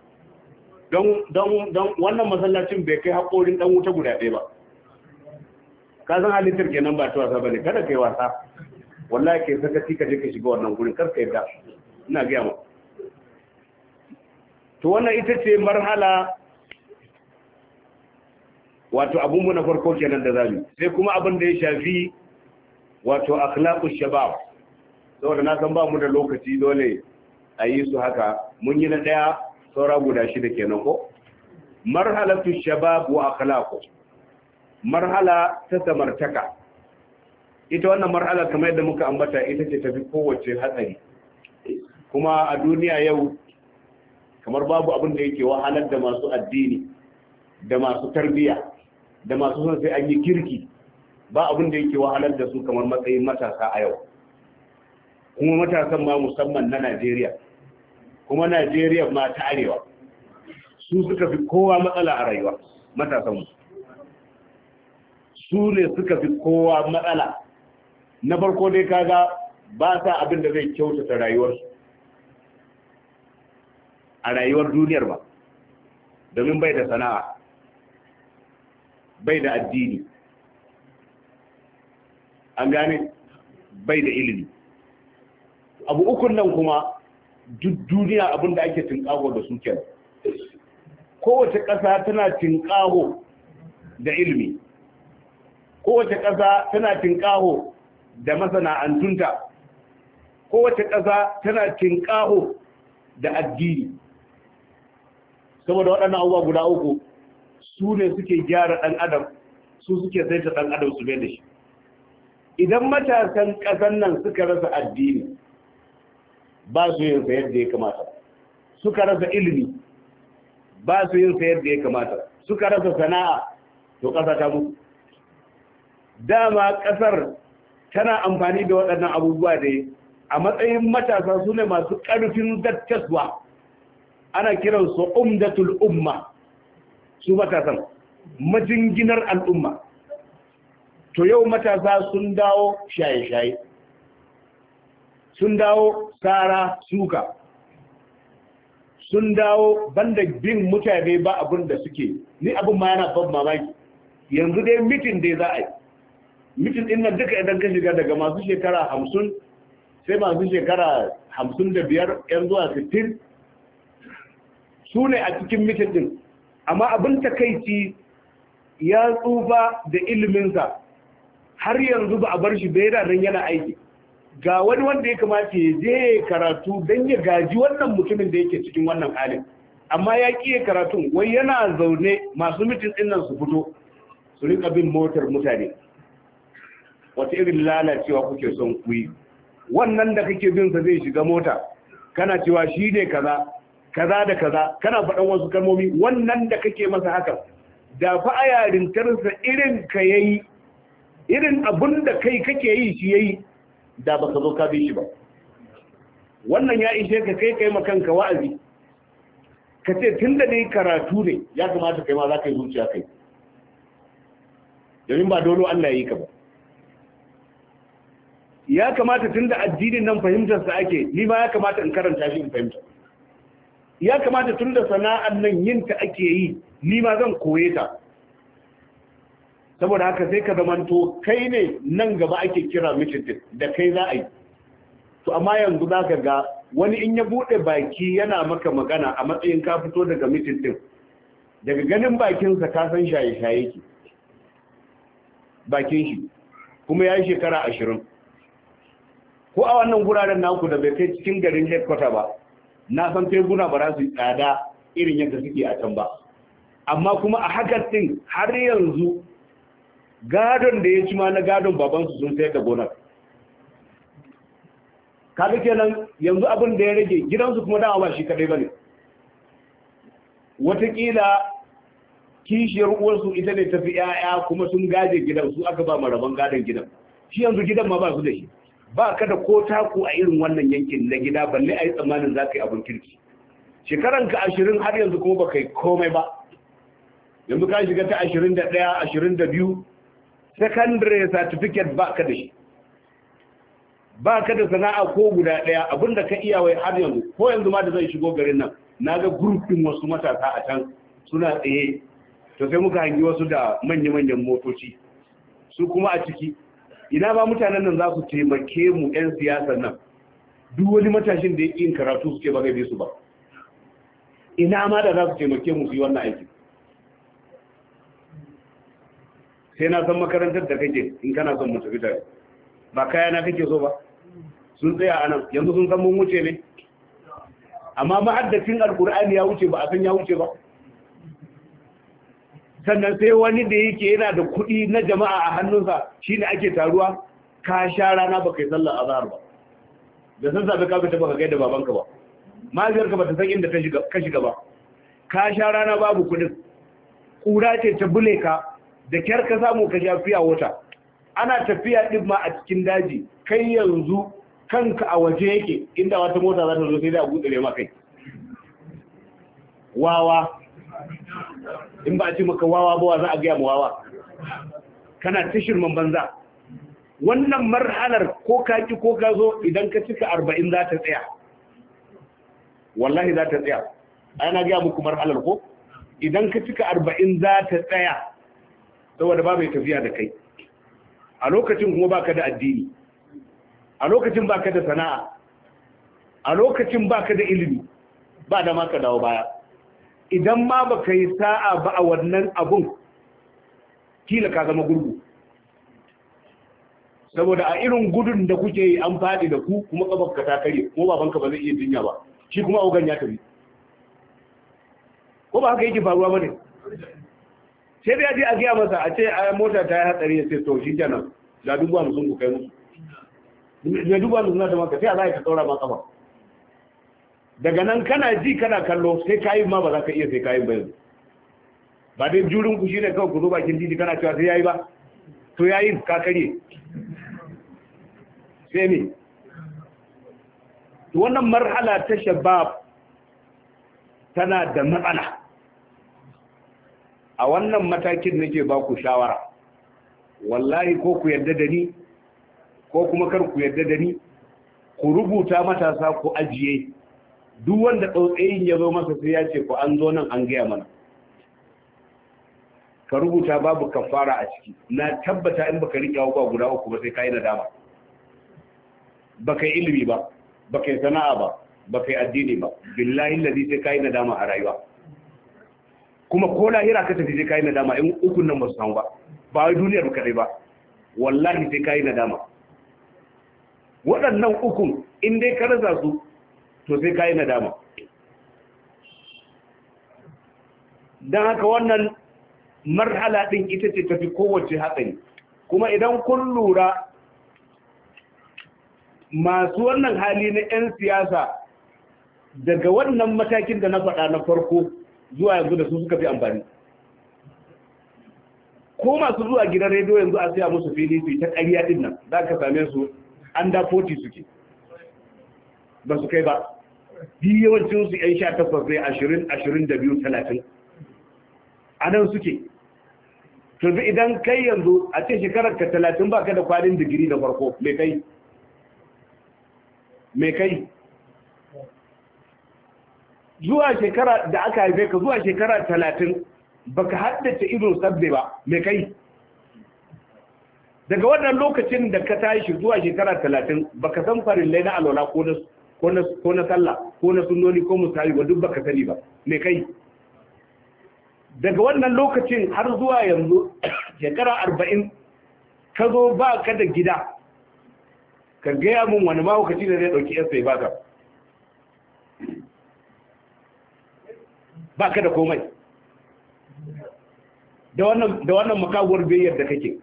[SPEAKER 1] don wannan masallacin bai kai haƙorin ɗan wuta guda ɗaya ba ka san halittar nan ba ta wasa ba ne kada ka yi wasa wallahi ke saka tika ka je ka shiga wannan gurin kar ka yadda ina gaya ma to wannan ita ce marhala wato abun mu na farko kenan da zabi sai kuma abin da ya shafi wato akhlaqus shabab saboda na san ba mu da lokaci dole a yi su haka mun yi na ɗaya saura guda shida kenan ko Marhala marhalatu shabab wa ko? marhala ta samartaka ita wannan marhala kamar yadda muka ambata ita ce tafi kowace hatsari kuma a duniya yau kamar babu abin da yake wahalar da masu addini da masu tarbiyya da masu son sai an yi kirki ba abin da yake wahalar da su kamar matsayin matasa a yau kuma matasan ma musamman na Najeriya kuma najeriya ma ta arewa su suka fi kowa matsala a rayuwa matasanmu su ne suka fi kowa matsala na farko dai kaga ba sa abin da zai kyautata rayuwarsu a rayuwar duniyar ba domin bai da sana'a bai da addini an gane bai da ilimi abu ukun nan kuma duk duniya abin da ake tunƙaho da su kenan kowace ƙasa tana tunƙaho da ilimi kowace ƙasa tana tunƙaho da masana'antunta kowace ƙasa tana tunƙaho da addini saboda waɗannan abubuwa guda uku su ne suke gyara ɗan adam su suke saita ɗan adam su da shi idan matasan ƙasan nan suka rasa addini ba su yin sa yadda ya kamata suka rasa ilimi ba su yin sa yadda ya kamata suka rasa sana'a to ƙasa ta mutu dama ƙasar tana amfani da waɗannan abubuwa dai a matsayin matasa su ne masu ƙarfin dattaswa ana su umdatul umma su matasan majinginar al'umma to yau matasa sun dawo shaye-shaye sun dawo tsara suka sun dawo banda bin mutane ba abin da suke ni abin ma yana ban mamaki yanzu dai mitin dai za a yi mitin din nan duka idan ka shiga daga masu shekara hamsin sai masu shekara hamsin da biyar yan zuwa sittin su ne a cikin mitin din amma abin ta takaici ya tsufa da iliminsa har yanzu ba a bar shi bai da nan yana aiki ga wani wanda ya kamata ya je karatu don ya gaji wannan mutumin da yake cikin wannan halin amma ya ƙi karatun wai yana zaune masu mitin ɗin nan su fito su rika bin motar mutane wata irin lalacewa kuke son ku wannan da kake bin sa zai shiga mota kana cewa shi ne kaza kaza da kaza kana faɗan wasu kalmomi wannan da kake masa haka da fa a yarintarsa irin ka yayi irin abun da kai kake yi shi yayi da ka zo ka bi shi ba wannan ya ishe ka kai kai kanka wa'azi ka ce tun da dai karatu ne ya kamata kai ma za ka yi zuciya kai domin ba dole Allah ya yi ka ba ya kamata tun da addinin nan fahimtarsa ake ni ma ya kamata in karanta shi in fahimta ya kamata tun da sana'an nan yin ta ake yi ni ma zan koye ta saboda haka sai ka zamanto kai ne nan gaba ake kira mishitin da kai za a yi to amma yanzu za ka ga wani in ya bude baki yana maka magana a matsayin ka fito daga din daga ganin bakinsa ka san shaye-shaye ki. bakin shi kuma ya yi shekara ashirin ko a wannan guraren naku da bai kai cikin garin headquarter ba na san teguna ba za su tsada irin yadda suke a can ba amma kuma a hakan din har yanzu gadon da ya ci ma na gadon babansu sun sayar da gonar kaga kenan yanzu abin da ya rage gidansu kuma dama ba shi kadai bane watakila kishiyar uwarsu ita ne tafi yaya kuma sun gaje gidan su aka ba maraban gadon gidan shi yanzu gidan ma ba su da shi ba ka da ko taku a irin wannan yankin na gida balle a yi tsammanin za ka yi abin kirki shekaran ka ashirin har yanzu kuma ba kai komai ba yanzu ka shiga ta ashirin da ɗaya ashirin da biyu secondary certificate ba ka da shi ba ka da sana'a ko guda ɗaya abinda ka iya wai har yanzu ko yanzu ma da zai shigo garin nan na ga gurfin wasu matasa a can suna tsaye to sai muka hangi wasu da manya-manyan motoci su kuma a ciki ina ba mutanen nan za su taimake mu 'yan siyasar nan duk wani matashin da ya yin karatu suke ba ga su ba ina ma da za su taimake mu su yi wannan aiki sai na san makarantar da kake in kana son mu tafi tare ba kaya na kake so ba sun tsaya a nan yanzu sun san mun wuce ne amma ma'addacin alkur'ani ya wuce ba a san ya wuce ba sannan sai wani da yake yana da kuɗi na jama'a a hannunsa shi ne ake taruwa ka sha rana ba kai sallar zahar ba da san safe ka fita baka da babanka ba ka ba ta san inda ka shiga ba ka sha rana babu kuɗin Ƙura ce ta bule ka da kyar ka samu ka sha fiya wata ana tafiya din ma a cikin daji kai yanzu kanka a waje yake inda wata mota za ta zo sai da gutsure ma kai wawa in ba a ce maka wawa ba za a gaya mu wawa kana ta shirman banza wannan marhalar ko ka ki ko ka zo idan ka cika arba'in za ta tsaya wallahi za ta tsaya ana gaya muku marhalar ko idan ka cika arba'in za ta tsaya saboda babu tafiya da kai a lokacin kuma baka da addini a lokacin baka da sana'a a lokacin baka da ilimi ba da maka dawo baya idan ma baka yi sa'a ba a wannan abun kila ka zama gurgu saboda a irin gudun da kuke yi an faɗi da ku kuma ka ta kare kuma babanka ba zai iya jinya ba shi kuma ogan ya tafi ko ba haka yake faruwa ba ne sai ya aje a gaya masa a ce a mota ta yi hatsari ya ce to shi kenan da dubuwa musu ku kai musu da dubuwa musu na da maka sai a za ka tsora ma kafa daga nan kana ji kana kallo sai kayi ma ba za ka iya sai kayi ba yanzu ba dai jurin ku shine kawai ku zo bakin titi kana cewa sai yayi ba to yi ka kare sai ne wannan marhala ta shabab tana da matsala a wannan matakin nake ba ku shawara wallahi ko ku yarda da ni ko kuma kar ku yarda da ni ku rubuta matasa ku ajiye duk wanda tsautsayin ya zo masa sai ya ce ku an zo nan an gaya mana ka rubuta babu kafara a ciki na tabbata in baka rike hawa guda uku ba sai ka yi nadama baka ilimi ba baka sana'a ba baka addini ba billahi lazi sai ka yi nadama a rayuwa kuma ko lahira ka tafi sai kai nadama in ukun nan ba su samu ba ba wai duniyar ba kadai ba wallahi sai kai nadama waɗannan ukun in dai ka rasa su to sai kai nadama dan haka wannan marhala din ita ce tafi kowace hatsari kuma idan kun lura masu wannan hali na 'yan siyasa daga wannan matakin da na faɗa na farko zuwa yanzu da su suka fi amfani ko masu zuwa gidan rediyo yanzu a siya musu fili su ta ƙariya din nan za ka same su under 40 suke ba su kai ba bi yawancin su yan sha takwas ne ashirin ashirin da biyu talatin a nan suke turbi idan kai yanzu a ce shekarar ka talatin ba ka da kwanin digiri da farko mai kai mai kai zuwa shekara da aka haife ka zuwa shekara talatin ba ka haddace ido sabbe ba me kai daga wannan lokacin da ka tashi zuwa shekara talatin ba ka san lai na alwala ko na sallah ko na sunoni ko musali ba duk ka sani ba me kai daga wannan lokacin har zuwa yanzu shekara arba'in ka zo ba ka da gida ka gaya mun wani mahaukaci da zai ɗauki yasa ya baka ba ka da komai da wannan makawar biyayyar da kake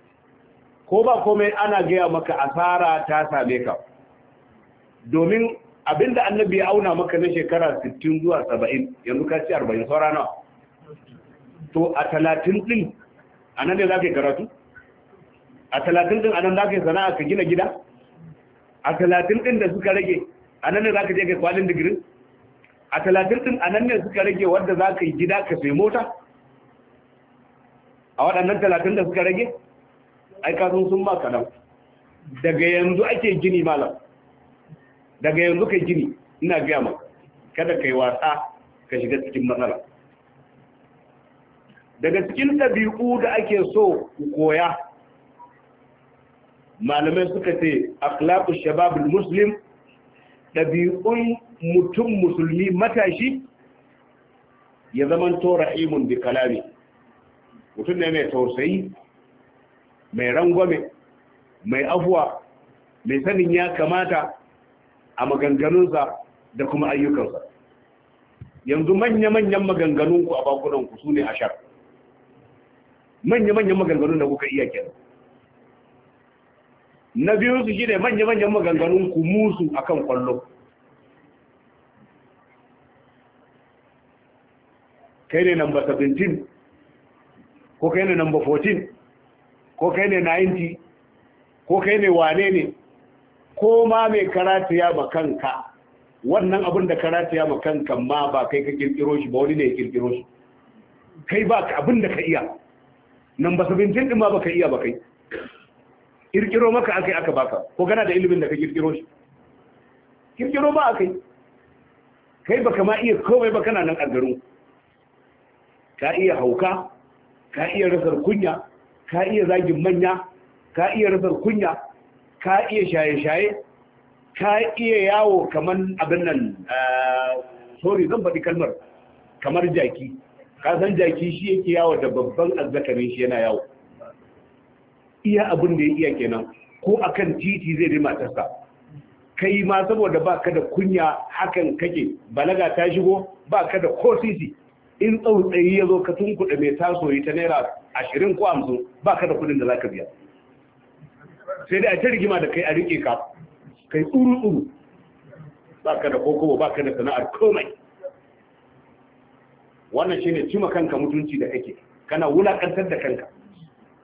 [SPEAKER 1] ko ba komai ana gaya maka asara ta same ka domin abinda annabi ya auna maka na shekara 60 zuwa 70 yanzu ka ci 40 saura na to a 30 din anan ne za ka yi karatu a 30 din anan nan za ka yi sana'a ka gina gida a 30 din da suka rage anan ne za ka je ka kwalin digirin a talatin din a nan ne suka rage wadda za ka yi gida ka sai mota a waɗannan talatin da suka rage ai kasan sun ma kaɗan daga yanzu ake gini malam daga yanzu kai gini ina gaya ma. kada kai wasa ka shiga cikin matsala daga cikin ɗabi'u da ake so ku koya malamai suka ce akhlaqu shabab muslim ɗabi'un mutum musulmi matashi ya zaman to rahimun bi kalami mutum ne mai tausayi mai rangwame mai afuwa mai sanin ya kamata a maganganunsa da kuma ayyukansa yanzu manya-manyan maganganunku a bakunanku su ne ashar manya-manyan maganganun da kuka iya kenan na biyu su shi ne manya-manyan maganganunku musu akan kwallo kai ne number 17 ko kai ne number 14 ko kai ne 90 ko kai ne wane ne ko ma mai karatiya ma kanka wannan abin da karatiya ma kanka ma ba kai ka kirkiro shi ba wani ne ya kirkiro shi kai ba abin da ka iya number 17 din ma ba ka iya ba kai kirkiro maka akai aka baka ko gana da ilimin da ka kirkiro shi kirkiro ba akai kai baka ma iya komai ba kana nan a garin ka iya hauka ka iya rasar kunya ka iya zagin manya ka iya rasar kunya ka iya shaye-shaye ka iya yawo kamar abin nan eh, sorry zan faɗi kalmar kamar jaki ka san jaki shi yake yawo da babban azzakarin shi yana yawo iya abin da ya iya kenan ko akan titi zai rima Ka kai ma saboda ba ka da kunya hakan kake balaga ta shigo ba ka da ko sisi in tsautsayi ya zo ka tunkuɗe mai tasoyi ta naira ashirin ko hamsin ba ka da kuɗin da za ka biya sai dai a ta rigima da kai a riƙe ka kai tsuru-tsuru ba ka da kokobo ba ka da sana'ar komai wannan shi ne cima kanka mutunci da kake kana wulakantar da kanka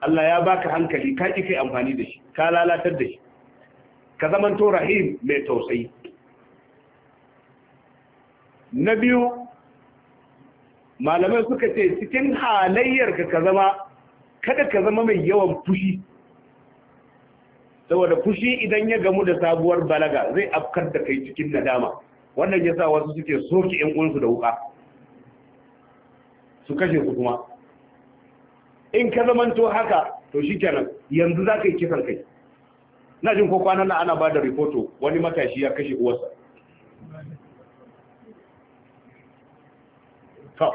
[SPEAKER 1] Allah ya baka hankali ka ki kai amfani da shi ka lalatar da shi ka zamanto rahim mai tausayi na biyu malamai suka ce cikin halayyar ka ka zama kada ka zama mai yawan fushi saboda fushi idan ya gamu da sabuwar balaga zai afkar da kai cikin nadama wannan ya sa wasu suke soke yan uwansu da wuka su kashe su kuma in ka zama to haka to shi kenan, yanzu za ka yi kisan kai na jin ko kwanan ana ba da rikoto wani matashi ya kashe uwarsa to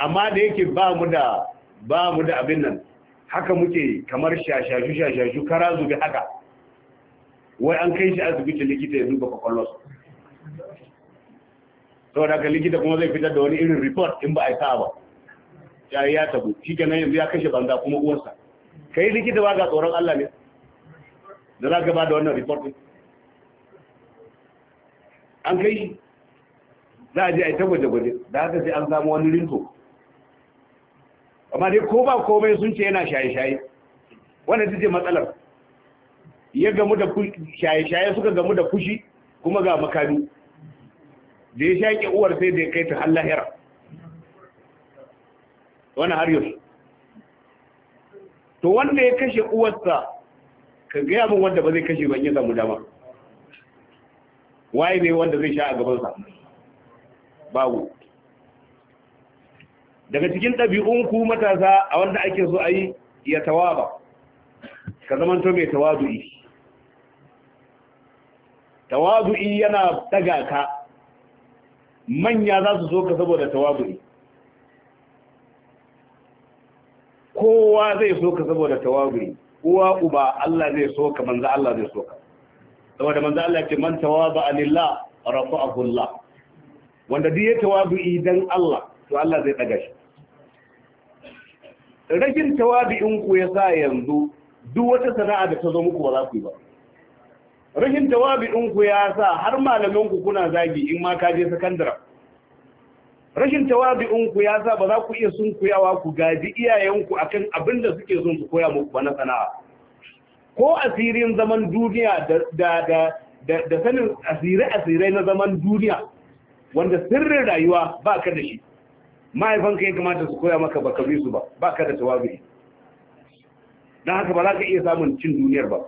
[SPEAKER 1] amma da yake ba mu da ba mu da abin nan haka muke kamar shashashu shashashu kara zubi haka wai an kai shi asibiti likita ya duba kwakwalwarsa sau da ka likita kuma zai fitar da wani irin report in ba a yi ba ya yi ya tabu shi kenan yanzu ya kashe banza kuma uwarsa ka yi likita ba ga tsoron Allah ne da za ka ba da wannan report an kai shi za a je a yi ta gwaje-gwaje da haka sai an samu wani rinto amma dai ko ba komai sun ce yana shaye-shaye wanda ta ce matsalar ya gamu da shaye-shaye suka gamu da fushi kuma ga makami da ya shaƙe uwar sai da ya kai ta hallahira wani har yau to wanda ya kashe uwarsa ka gaya min wanda ba zai kashe ban yi zamu dama waye ne wanda zai sha a gabansa babu daga cikin ɗabi'unku matasa a wanda ake so a yi ya tawaba ka zamanto mai tawadu'i tawadu'i yana daga ka manya za su so ka saboda tawadu'i kowa zai so ka saboda tawadu'i uwa uba Allah zai so ka manzo Allah zai so ka saboda manzo Allah ya ce man tawaba alillah rafa'ahu Allah wanda duk ya tawadu'i dan Allah to Allah zai daga shi rashin tawadu'in ku sa yanzu duk wata sana'a da ta zo muku ba za ku yi ba rashin tawadu'in ku ya sa har malaman ku kuna zagi in ma ka je sakandara rashin tawadu'in ku ya sa ba za ku iya kuyawa ku gaji iyayenku akan abin da suke son su koya muku ba na sana'a ko asirin zaman duniya da da da da sanin asire-asirai na zaman duniya wanda sirrin rayuwa ba ka da shi mahaifanka ya kamata su koya maka ka bi su ba ba ka da tawabi don haka ba za ka iya samun cin duniyar ba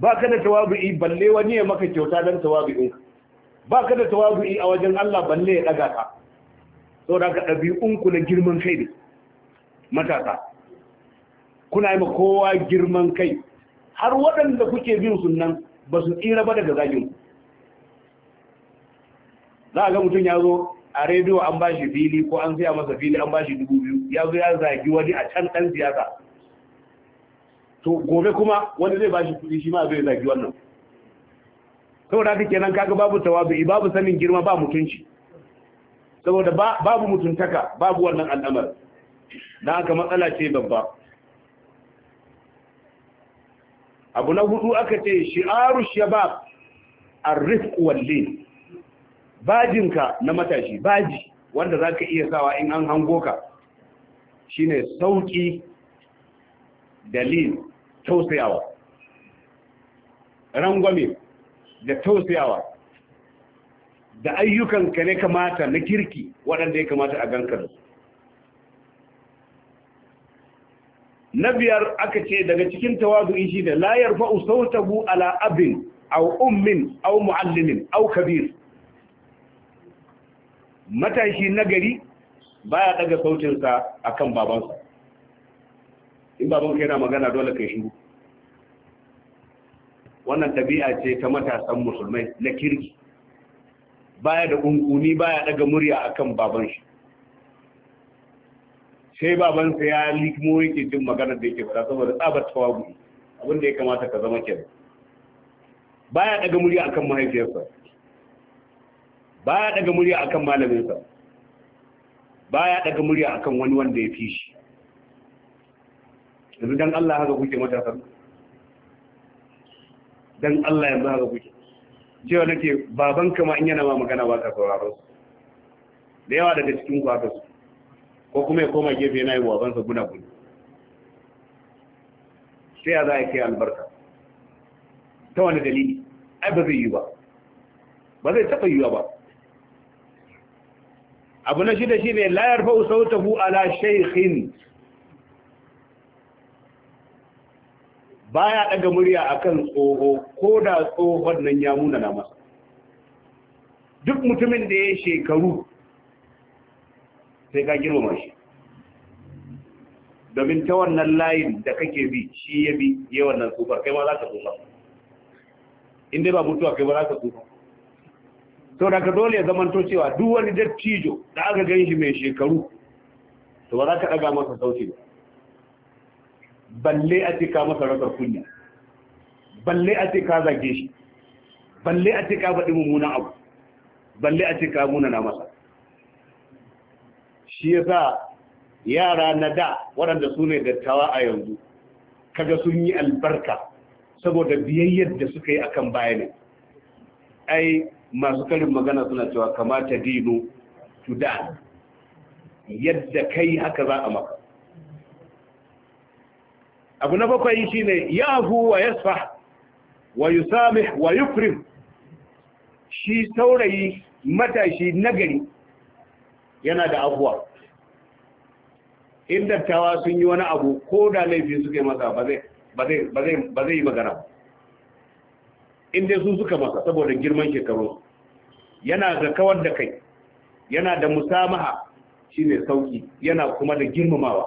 [SPEAKER 1] ba ka da tawabi balle wani ya maka kyauta don tawabi'inka ba ka da tawabi a wajen Allah balle ya ɗaga ka sau da ka ɗabi'unku na girman kai ne matasa kuna yi ma kowa girman kai har waɗanda kuke bin sunan ba su tsira ba daga zaginku za a ga mutum ya zo a rediyo an bashi shi fili ko an siya masa fili an ba shi dubu biyu ya zo ya zagi wani a can ɗan siyasa to gobe kuma wani zai ba shi kuɗi shi ma zai zagi wannan saboda haka kenan kaga babu tawabi babu sanin girma ba mutunci saboda babu mutuntaka babu wannan al'amar na haka matsala ce babba abu na hudu aka ce shi'aru shabab ar-rifq wal-lin bajinka na matashi baji wanda za ka iya sawa in an hango ka shine sauƙi dalil tausayawa rangwame da tausayawa da ayyukanka ne kamata na kirki waɗanda ya kamata a ganka da na biyar aka ce daga cikin tawazu'i shi da layar fa'u ala abin au ummin au mu'allimin au kabir matashi nagari baya daga sautinsa akan babansa in babansa yana magana dole kai shi wannan tabi'a ce ta matasan musulmai na kirki baya da kunkuni baya daga murya akan baban shi sai babansa ya likmo yake jin magana da yake fara saboda tsabar tawagu abinda ya kamata ka zama kenan baya daga murya akan mahaifiyarsa baya daga murya akan malamin sa baya daga murya akan wani wanda ya fi shi yanzu dan Allah haka kuke matasan dan Allah yanzu haka kuke cewa nake baban kama in yana ma magana ba ka sauraron su da yawa daga cikin ku haka su ko kuma ya koma gefe yana yi wa babansa guna guna sai ya za a kai albarka ta wani dalili ai ba zai yi ba ba zai taɓa yi ba abu na shida shine la yarfa'u sautahu ala shaykhin baya daga murya akan tsoho ko da tsohon nan ya muna na masa duk mutumin da ya shekaru sai ka girmama shi domin ta wannan layin da kake bi shi ya bi ya wannan tsufar kai ma za ka tsufa Inda ba mutuwa kai ba za ka tsufa sau da ka dole ya to cewa duk wani dattijo da aka gan shi mai shekaru to ba za ka ɗaga masa sauti ba balle a cika masa rasar kunya balle a cika zage shi balle a cika baɗi faɗi mummunan abu balle a cika munana masa shi yasa yara na da waɗanda su ne dattawa a yanzu kaga sun yi albarka saboda biyayyar da suka yi akan bayanin ai masu karin magana suna cewa kamata dino tudan yadda kai haka za a maka abu na bakwai shine yahu wa sa wa sami wa firin shi saurayi matashi nagari yana da abuwa in dattawa sun yi wani abu ko da laifin suke masa ba zai yi magana in dai su suka masa saboda girman shekaru yana ga kawar da kai yana da musamaha shine sauki yana kuma da girmamawa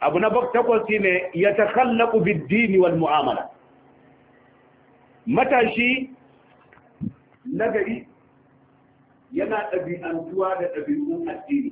[SPEAKER 1] abu na takwas shine ya takallaqu bid-din wal mu'amala matashi nagari yana ɗabi'antuwa da ɗabi'un addini